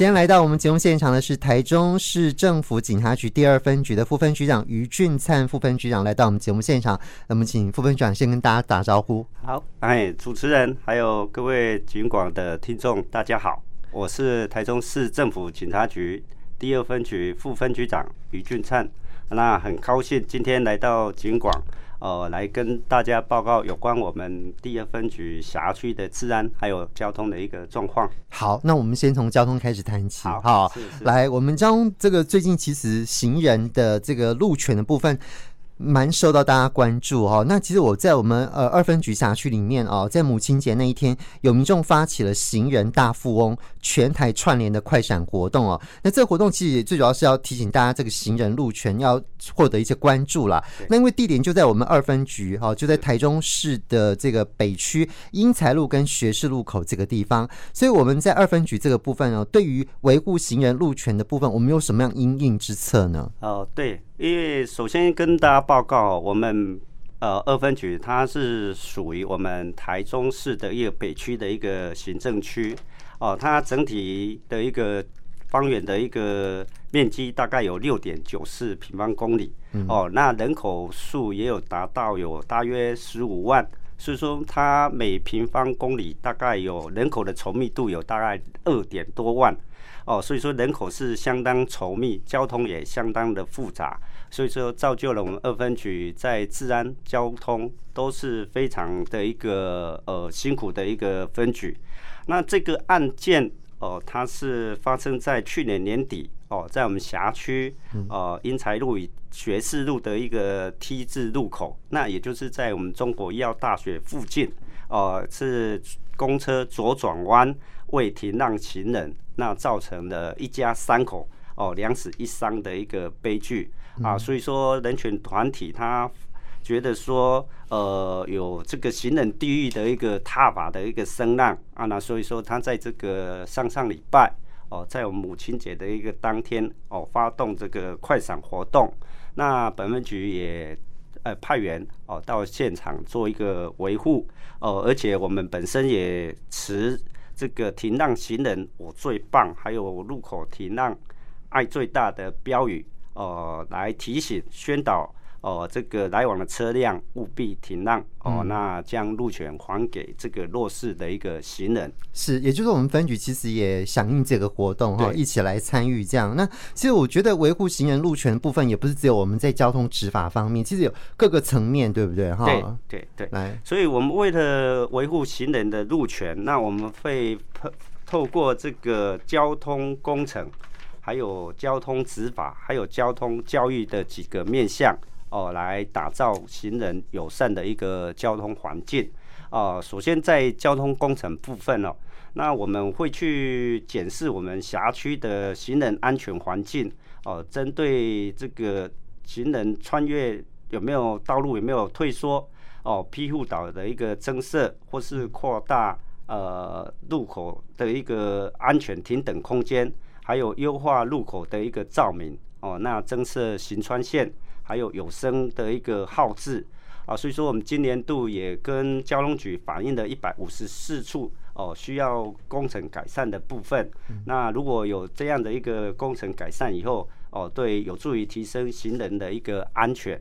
今天來到我們節目現場的是台中市政府警察局第二分局的副分局長余俊燦。副分局長來到我們節目現場，那我們請副分局長先跟大家打招呼。好，哎，主持人還有各位警廣的聽眾，大家好，我是台中市政府警察局第二分局副分局長余俊燦。那很高興今天來到警廣。呃，來跟大家報告有關我們第二分局轄區的治安還有交通的一個狀況。好，那我們先從交通開始談起。好，好，是是。來，我們將這個最近其實行人的這個路權的部分。蠻受到大家關注哦。那其實我在我們呃二分局轄區裡面哦，在母親節那一天，有民眾發起了行人大富翁全台串聯的快閃活動哦。那這個活動其實最主要是要提醒大家，這個行人路權要獲得一些關注啦。對那因為地點就在我們二分局哈、哦，就在台中市的這個北區英才路跟學士路口這個地方，所以我們在二分局這個部分哦，對於維護行人路權的部分，我們有什麼樣因應之策呢？哦，對。因為首先跟大家報告，我們呃二分局它是屬於我們台中市的一個北區的一個行政區哦，它整體的一個方圓的一個面積大概有六點九四平方公里，嗯、哦，那人口數也有達到有大約十五萬，所以說它每平方公里大概有人口的稠密度有大概二點多萬。哦，所以說人口是相當稠密，交通也相當的複雜，所以說造就了我們二分局在治安、交通都是非常的一個呃辛苦的一個分局。那這個案件哦、呃，它是發生在去年年底哦，在我們轄區哦、呃，英才路與學士路的一個 T 字路口，那也就是在我們中國醫藥大學附近哦、呃、是。公車左轉彎未停讓行人，那造成了一家三口哦兩死一傷的一個悲劇啊，所以說人權團體他覺得說，呃，有這個行人地獄的一個撻伐的一個聲浪啊，那所以說他在這個上上禮拜哦，在我母親節的一個當天哦，發動這個快閃活動，那本分局也。呃，派員哦到現場做一個維護哦，而且我們本身也持這個“停讓行人我最棒”還有“路口停讓愛最大”的標語哦、呃，來提醒宣導。哦，這個來往的車輛務必停讓、嗯、哦，那將路權還給這個弱勢的一個行人。是，也就是我們分局其實也響應這個活動哈，對一起來參與這樣。那其實我覺得維護行人路權部分，也不是只有我們在交通執法方面，其實有各個層面對不對哈？對對對。來，所以我們為了維護行人的路權，那我們會透透過這個交通工程，還有交通執法，還有交通教育的幾個面向。哦，來打造行人友善的一個交通環境。哦、啊，首先在交通工程部分哦，那我們會去檢視我們轄區的行人安全環境。哦、啊，針對這個行人穿越有沒有道路有沒有退縮？哦、啊，庇護島的一個增設或是擴大呃路口的一個安全停等空間，還有優化路口的一個照明。哦、啊，那增設行穿線。還有有聲的一個號誌啊，所以說我們今年度也跟交通局反映了一百五十四處哦、呃，需要工程改善的部分。嗯、那如果有這樣的一個工程改善以後哦、呃，對有助於提升行人的一個安全。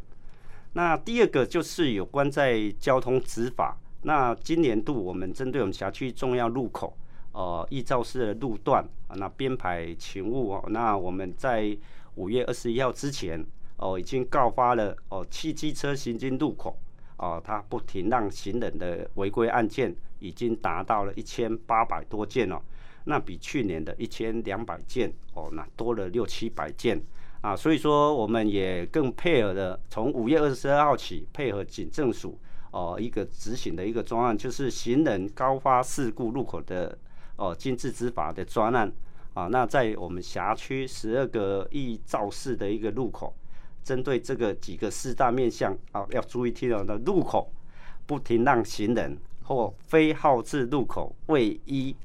那第二個就是有關在交通執法，那今年度我們針對我們轄區重要路口哦，易肇事的路段啊，那編排勤務哦、啊，那我們在五月二十一號之前，哦，已經告發了哦，汽機車行經路口哦，他不停讓行人的違規案件已經達到了一千八百多件哦，那比去年的一千兩百件哦，那多了六七百件啊，所以說我們也更配合的，從五月二十二號起配合警政署哦一個執行的一個專案，就是行人高發事故路口的哦，經濟執法的專案啊，那在我們轄區十二個易肇事的一個路口。針對這個幾個四大面向啊，要注意聽、哦：聽到的路口不停讓行人，或非號誌路口未依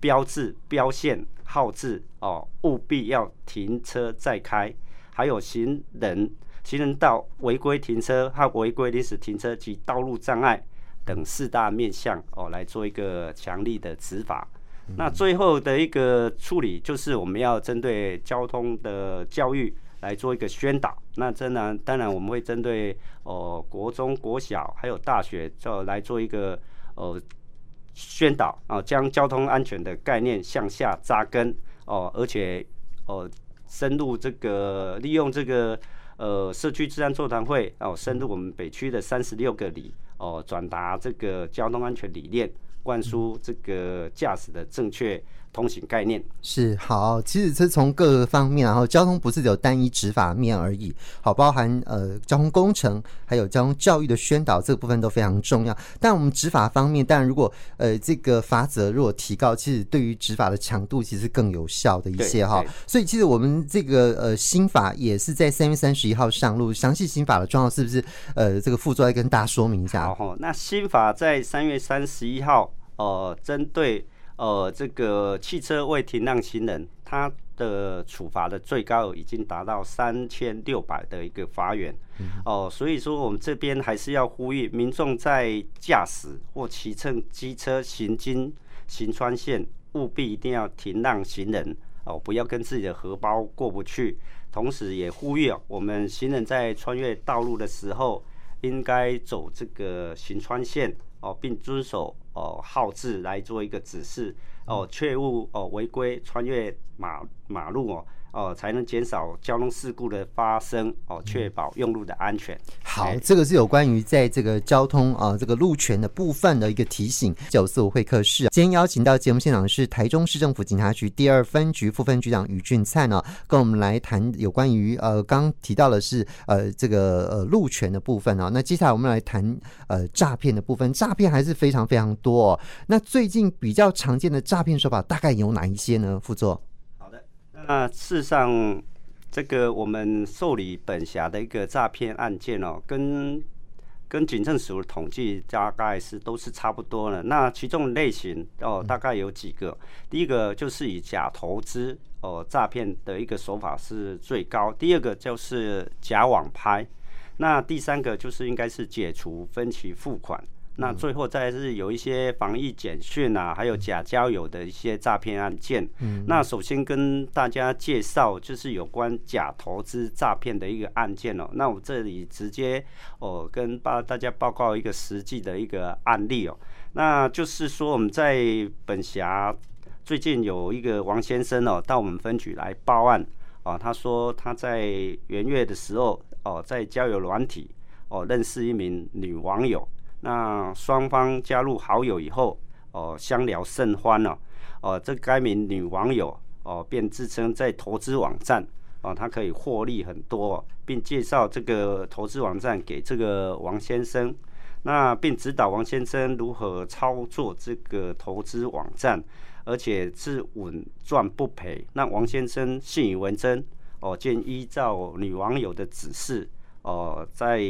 標志標線號誌。哦、啊，務必要停車再開；還有行人、行人道違規停車，和違規臨時停車及道路障礙等四大面向哦、啊，來做一個強力的執法。那最後的一個處理，就是我們要針對交通的教育。來做一個宣導，那當然，當然我們會針對哦、呃、國中、國小還有大學，做來做一個呃宣導啊、呃，將交通安全的概念向下扎根哦、呃，而且哦、呃、深入這個利用這個呃社區治安座談會哦、呃，深入我們北區的三十六個里哦、呃，轉達這個交通安全理念，灌輸這個駕駛的正確。通行概念，是好，其實是從各個方面，然後交通不是只有單一執法面而已，好，包含呃交通工程，還有交通教育的宣導這個部分都非常重要。但我們執法方面，但如果呃這個罰則如果提高，其實對於執法的強度其實是更有效的一些哈。所以其實我們這個呃新法也是在三月三十一號上路，詳細新法的狀況是不是？呃，這個副座要跟大家說明一下。好，那新法在三月三十一號，呃，針對。呃，這個汽車未停讓行人，他的處罰的最高已經達到三千六百的一個罰鍰。哦、嗯呃，所以說我們這邊還是要呼籲民眾在駕駛或騎乘機車行經行穿線，務必一定要停讓行人哦、呃，不要跟自己的荷包過不去。同時，也呼籲、呃、我們行人在穿越道路的時候，應該走這個行穿線哦、呃，並遵守。哦，號志來做一個指示，哦，切勿哦違規穿越馬馬路哦。哦，才能減少交通事故的發生哦，確保用路的安全。好，這個是有關於在這個交通啊，呃，這個路權的部分的一個提醒。九四五會客室，啊，今天邀請到節目現場的是台中市政府警察局第二分局副分局長余俊燦呢，啊，跟我們來談有關於呃，剛提到的是呃，這個呃路權的部分啊。那接下來我們來談呃詐騙的部分，詐騙還是非常非常多，哦。那最近比較常見的詐騙手法大概有哪一些呢？副座。那事實上，這個我們受理本轄的一個詐騙案件哦，跟跟警政署的統計大概是都是差不多了。那其中類型哦，大概有幾個。第一個就是以假投資哦詐騙的一個手法是最高，第二個就是假網拍，那第三個就是應該是解除分期付款。那最後再是有一些防疫簡訊啊，還有假交友的一些詐騙案件。嗯，那首先跟大家介紹就是有關假投資詐騙的一個案件哦。那我這裡直接哦跟報大家報告一個實際的一個案例哦。那就是說我們在本轄最近有一個王先生哦到我們分局來報案哦，他說他在元月的時候哦在交友軟體哦認識一名女網友。那雙方加入好友以後，哦、呃，相聊甚歡了、啊。哦、呃，這該名女網友，哦、呃，便自稱在投資網站，啊、呃，她可以獲利很多，並介紹這個投資網站給這個王先生。那並指導王先生如何操作這個投資網站，而且是穩賺不賠。那王先生信以為真，哦、呃，便依照女網友的指示，哦、呃，在。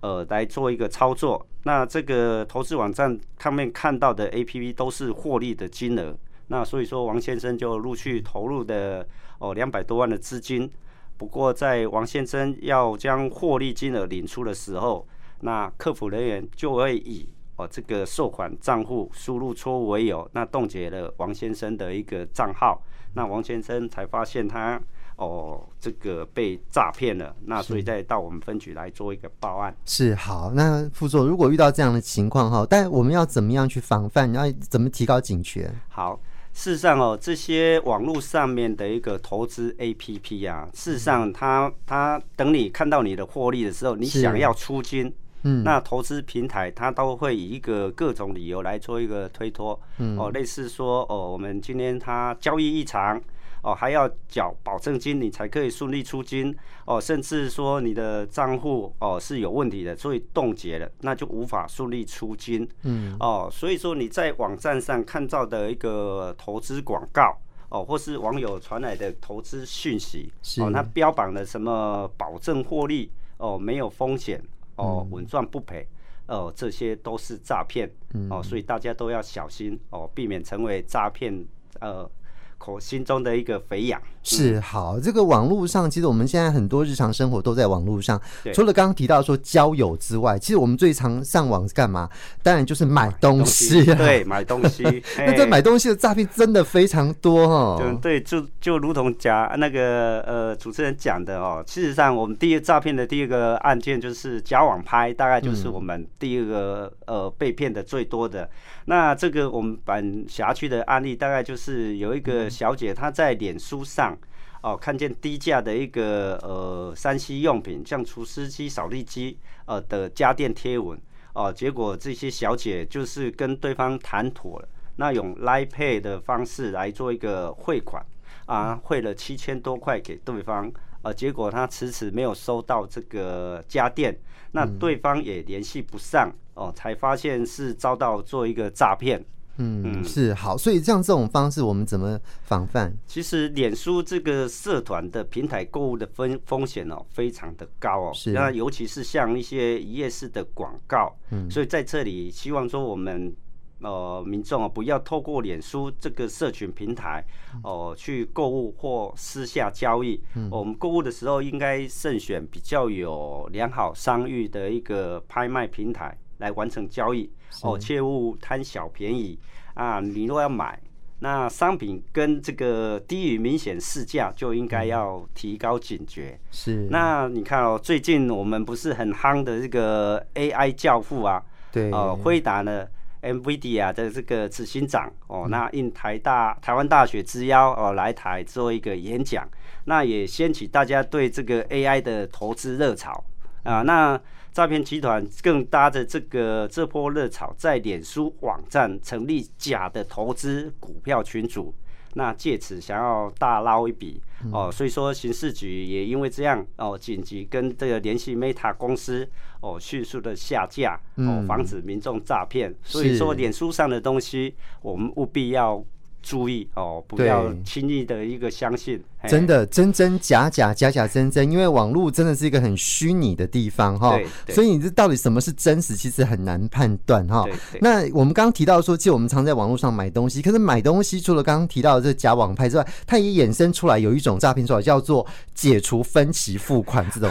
呃，來做一個操作。那這個投資網站上面看到的 APP 都是獲利的金額。那所以說，王先生就陸續投入的哦兩百多萬的資金。不過在王先生要將獲利金額領出的時候，那客服人員就會以哦、呃、這個收款賬戶輸入錯誤為由，那凍結了王先生的一個賬號。那王先生才發現他哦，這個被詐騙了，那所以再到我們分局來做一個報案。是，好，那副座，如果遇到這樣的情況哈，但我們要怎麼樣去防範？你要怎麼提高警覺？好，事實上哦，這些網絡上面的一個投資 APP 啊，事實上它它等你看到你的獲利的時候，是你想要出金，嗯，那投資平台它都會以一個各種理由來做一個推脫，嗯，哦，類似說哦，我們今天它交易異常。哦，還要繳保證金，你才可以順利出金。哦、呃，甚至說你的賬戶哦是有問題的，所以凍結了，那就無法順利出金。嗯，哦、呃，所以說你在網站上看到的一個投資廣告，哦、呃，或是網友傳來的投資訊息，哦，它、呃、標榜的什麼保證獲利，哦、呃，沒有風險，哦、呃，穩賺、嗯、不賠，哦、呃，這些都是詐騙。哦、呃嗯呃，所以大家都要小心，哦、呃，避免成為詐騙。呃。口心中的一個肥羊。是，好，這個網絡上其實我們現在很多日常生活都在網絡上。嗯、除了剛剛提到說交友之外，其實我們最常上網是幹嘛？當然就是買東西。東西啊、對，買東西。 欸、那這買東西的詐騙真的非常多哦。對，就就如同假那個呃主持人講的哦，事實上我們第一個詐騙的第一個案件就是假網拍，大概就是我們第一個、嗯、呃被騙的最多的。那這個我們本轄區的案例大概就是有一個、嗯。小姐她在臉書上哦、啊，看見低價的一個呃，三 C 用品，像除濕機、掃地機呃的家電貼文哦、啊，結果這些小姐就是跟對方談妥了，那用來 Pay 的方式來做一個匯款啊，匯了七千多塊給對方，啊，結果他遲遲沒有收到這個家電，那對方也聯繫不上哦、啊，才發現是遭到做一個詐騙。嗯，是好，所以像這種方式，我們怎麼防範，嗯？其實臉書這個社團的平台購物的風風險哦，非常的高哦。那是尤其是像一些一夜市的廣告，嗯、所以在這裡希望說我們呃民眾啊，不要透過臉書這個社群平台哦、呃、去購物或私下交易。嗯、我們購物的時候應該慎選比較有良好商譽的一個拍賣平台。來完成交易哦，切勿貪小便宜啊！你若要買，那商品跟這個低於明顯市價，就應該要提高警覺。是，那你看哦，最近我們不是很夯的這個 AI 教父啊，對、呃達，哦，輝達呢，NVIDIA 的這個執行長哦，那應台大台灣大學之邀哦、呃，來台做一個演講，那也掀起大家對這個 AI 的投資熱潮啊，嗯、那。詐騙集團更搭着這個這波熱潮，在臉書網站成立假的投資股票群組，那借此想要大撈一筆哦。所以說，刑事局也因為這樣哦，緊急跟這個聯繫 Meta 公司哦，迅速的下架哦，防止民眾詐騙。嗯、所以說，臉書上的東西，我們務必要。注意哦，不要輕易的一個相信。對嘿真的真真假假，假假真真，因為網絡真的是一個很虛擬的地方哈。對對對所以你這到底什麼是真實，其實很難判斷哈。對對對那我們剛剛提到說，其實我們常在網絡上買東西，可是買東西除了剛剛提到的這假網拍之外，它也衍生出來有一種詐騙手法，叫做解除分期付款這種。對,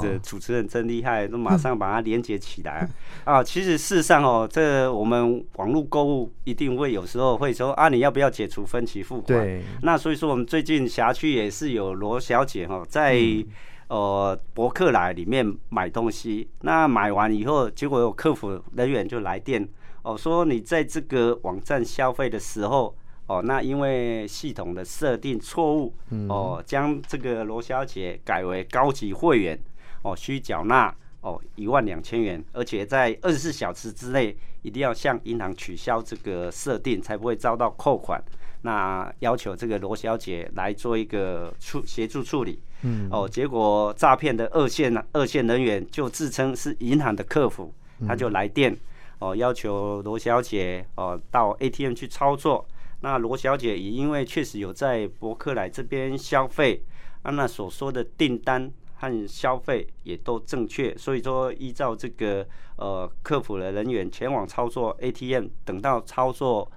對對。哦、主持人真厲害，就馬上把它連接起來 啊！其實事實上哦，這個、我們網絡購物一定會有時候會說啊，你要不要？要解除分期付款。對那所以說我們最近轄區也是有羅小姐哈、哦，在、嗯、呃博客來裡面買東西，那買完以後，結果有客服人員就來電哦，說你在這個網站消費的時候哦，那因為系統的設定錯誤、嗯、哦，將這個羅小姐改為高級會員哦，需繳納。哦，一萬兩千元，而且在二十四小時之內一定要向銀行取消這個設定，才不會遭到扣款。那要求這個羅小姐來做一個處協助處理。嗯，哦，結果詐騙的二線二線人員就自稱是銀行的客服，他就來電，嗯、哦，要求羅小姐哦到 ATM 去操作。那羅小姐也因為確實有在博客來這邊消費，按、啊、那所說的訂單。和消費也都正確，所以說依照這個呃客服的人員前往操作 ATM，等到操作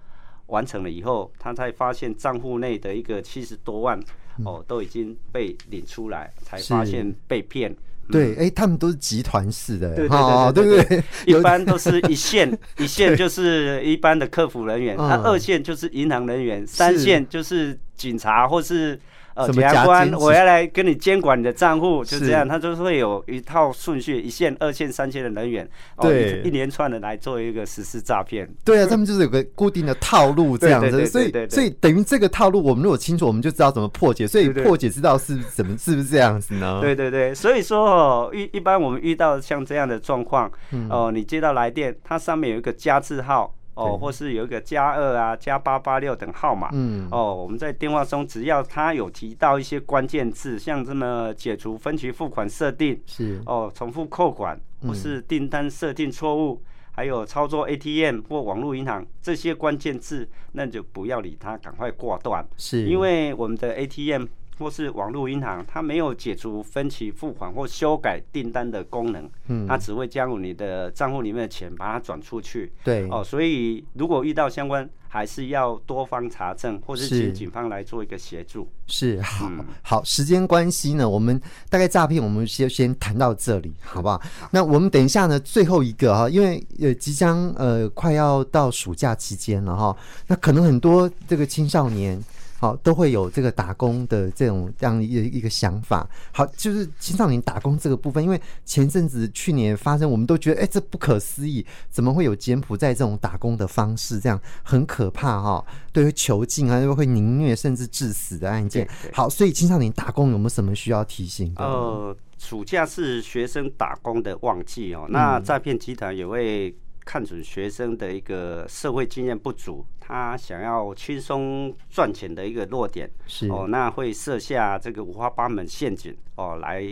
完成了以後，他才發現賬戶內的一個七十多萬、嗯、哦都已經被領出來，才發現被騙。對，哎、嗯欸，他們都是集團式的，對對對，一般都是一線，有一線就是一般的客服人員，嗯、那二線就是銀行人員，三線就是警察或是。檢察、哦、官，我要來跟你監管你的賬戶，就這樣，他是就是會有一套順序，一線、二線、三線的人員，對、哦一，一連串的來做一個實施詐騙。對啊，是他們就是有個固定的套路這樣子，所以所以等於這個套路，我們如果清楚，我們就知道怎麼破解。所以破解知道是怎麼對對對是不是這樣子呢？ 對,對對對，所以說哦，遇一般我們遇到像這樣的狀況，嗯、哦，你接到來電，它上面有一個加字號。哦，或是有一個加二啊、加八八六等號碼，嗯，哦，我們在電話中只要他有提到一些關鍵字，像什麼解除分期付款設定，是哦，重複扣款或是訂單設定錯誤，嗯、還有操作 ATM 或網絡銀行這些關鍵字，那你就不要理他，趕快掛斷，是，因為我們的 ATM。或是網絡銀行，它沒有解除分期付款或修改訂單的功能，嗯，它只會將你的賬戶裡面的錢，把它轉出去。對哦，所以如果遇到相關，還是要多方查證，或是請警方來做一個協助。是，嗯、是，好好，時間關係呢，我們大概詐騙，我們先先談到這裡，好不好？那我們等一下呢，最後一個哈，因為即呃即將呃快要到暑假期間了哈，那可能很多這個青少年。好，都會有這個打工的這種這樣一一個想法。好，就是青少年打工這個部分，因為前陣子去年發生，我們都覺得哎，這不可思議，怎麼會有柬埔寨這種打工的方式？這樣很可怕哈、哦，對於囚禁啊，又會凌虐甚至致死的案件。好，所以青少年打工有沒有什麼需要提醒？呃，暑假是學生打工的旺季哦，那詐騙集團也會。嗯看準學生的一個社會經驗不足，他想要輕鬆賺錢的一個弱點，是哦，那會設下這個五花八門陷阱，哦，來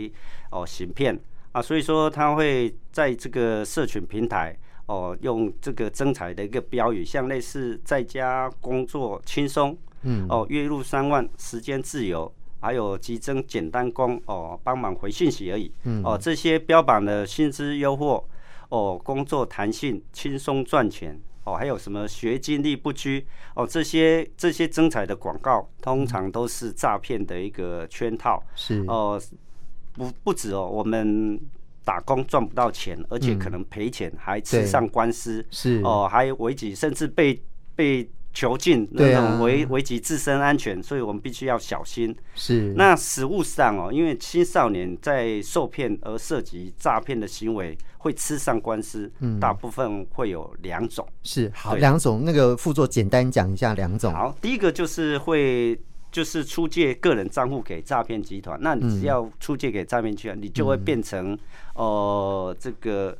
哦行騙啊，所以說他會在這個社群平台哦，用這個徵才的一個標語，像類似在家工作輕鬆，嗯哦，月入三萬，時間自由，還有急徵簡單工哦，幫忙回信息而已，嗯哦，這些標榜的薪資誘惑。哦，工作彈性、輕鬆賺錢，哦，還有什麼學經歷不拘，哦，這些這些徵才的廣告，通常都是詐騙的一個圈套。是哦、嗯呃，不不止哦，我們打工賺不到錢，而且可能賠錢，還吃上官司。嗯、是哦、呃，還違紀，甚至被被。囚禁那種危，危及自身安全，所以我們必須要小心。是那實物上哦，因為青少年在受騙而涉及詐騙的行為，會吃上官司。嗯，大部分會有兩種。是，好，兩對種，那個副作簡單講一下兩種。好，第一個就是會就是出借個人賬戶給詐騙集團。那你只要出借給詐騙集團，嗯、你就會變成哦、呃、這個。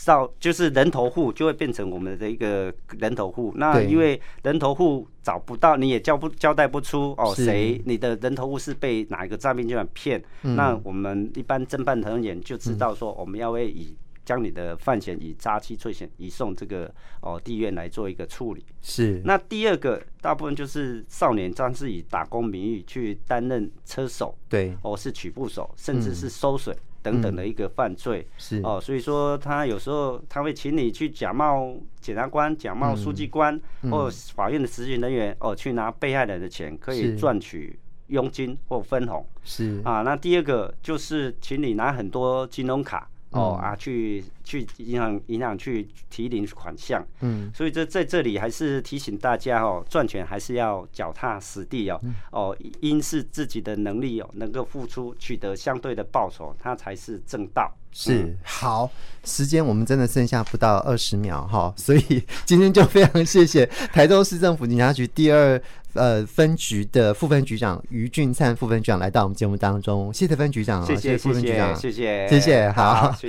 少就是人頭戶，就會變成我們的一個人頭戶。那因為人頭戶找不到，你也交不交代,不出哦，誰是你的人頭戶是被哪一個詐騙集團騙？嗯、那我們一般偵辦人員就知道說，我們要為以將你的犯嫌以詐欺罪嫌移送這個哦地院來做一個處理。是。那第二個大部分就是少年張是以打工名義去擔任車手，對，哦是取簿手，甚至是收水。嗯等等的一個犯罪、嗯、是哦，所以說他有時候他會請你去假冒檢察官、假冒書記官、嗯嗯、或法院的執行人員哦，去拿被害人的錢，可以賺取佣金或分紅是啊。那第二個就是請你拿很多金融卡哦啊去。去銀行銀行去提領款項，嗯，所以這在這裡還是提醒大家哦，賺錢還是要腳踏實地哦，嗯、哦，因是自己的能力哦，能夠付出取得相對的報酬，它才是正道。嗯、是好，時間我們真的剩下不到二十秒哈，所以今天就非常謝謝台中市政府警察局第二呃分局的副分局長余俊燦副分局長來到我們節目當中，謝謝分局長，謝謝副分局長，謝謝分謝謝，好。謝謝。